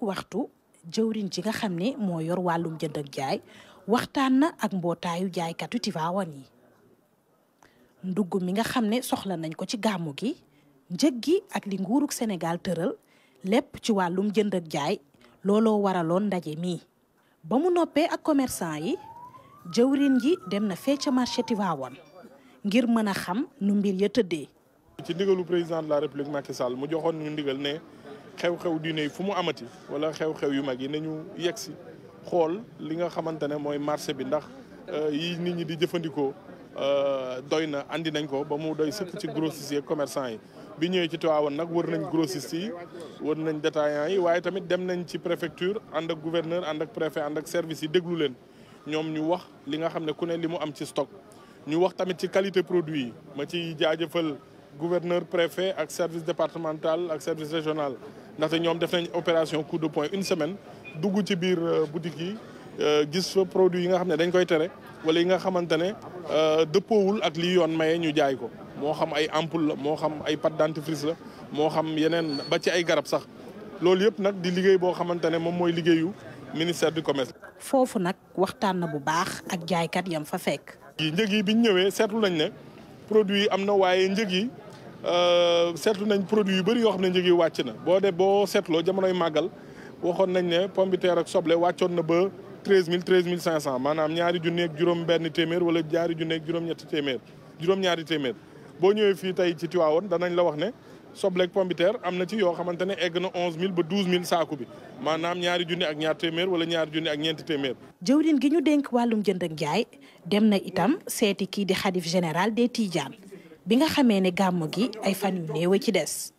waxtu jëwrin ji nga xam ne moo yor wàllum jënd jaay waxtaan na ak mbootaayu jaaykatu Tivaouane yi ndugg mi nga xam ne soxla nañ ko ci gàmmu gi njëg gi ak li nguurug Sénégal tëral lépp ci wàllum jënd jaay looloo waraloon ndaje mi. ba mu noppee ak commerçant yi jëwrin ji dem na fee ca marché Tivaouane ngir mën a xam nu mbir ya tëddee. ci ndigalu président de la république Macky Sall mu joxoon ñu ndigal ne. xew-xew diine yi fu mu amati wala xew-xew yu mag yi nañu yegg si xool li nga xamante ne mooy marché bi ndax euh, yi nit ñi di jëfandikoo euh, doy na andi nañ ko ba mu doy sëkk ci grossistes yi commerçant yi bi ñëwee ci Tivaouane nag wër nañ grossistes yi wër nañ détaillants yi waaye tamit dem nañ ci préfecture ànd ak gouverneur ànd ak préfet ànd ak service yi déglu leen ñoom ñu wax li nga xam ne ku ne li mu am ci stock ñu wax tamit ci qualité produit yi ma ci jaajëfal gouverneur préfet ak service départemental ak service régional ndaxte ñoom def nañ opération coup de poing une semaine dugg ci biir euh, boutique yi euh, gis fa produit yi nga xam ne dañ koy tere wala yi nga xamante ne euh, dëppoowul ak li yoon maye ñu jaay ko moo xam ay ampoule la moo xam ay pâte dentifrice la moo xam yeneen ba ci ay garab sax loolu yëpp nag di liggéey boo xamante ne moom mooy liggéeyu ministère du commerce. foofu nag waxtaan na bu baax ak jaay yam fa fekk. yi njëg yi bi ñu ñëwee seetlu nañ ne. produit yi am na waaye njëg yi euh, seetlu nañ produit yu bari yoo xam ne njëg yi wàcc na boo de boo seetloo jamonoy màggal waxoon nañ ne pomme de terre ak soble wàccoon na ba treize mille treize mille cinq cent maanaam ñaari junni ak juróom benn téeméer wala ñaari junni ak juróom-ñetti téeméer juróom-ñaari téeméer boo ñëwee fii tey ci Tiwaawoon danañ la wax ne sobleeg pombiteer am na ci yoo xamante ne egg na onze mille ba douze mille saaku bi maanaam ñaari junni ak ñaar téeméer wala ñaari junni ak ñeenti téeméer. jëwrin gi ñu dénk wàllum jënd ak jaay dem na itam seeti kii di xalif général des tiijaan bi nga xamee ne gàmm gi ay fan yu néew ci des.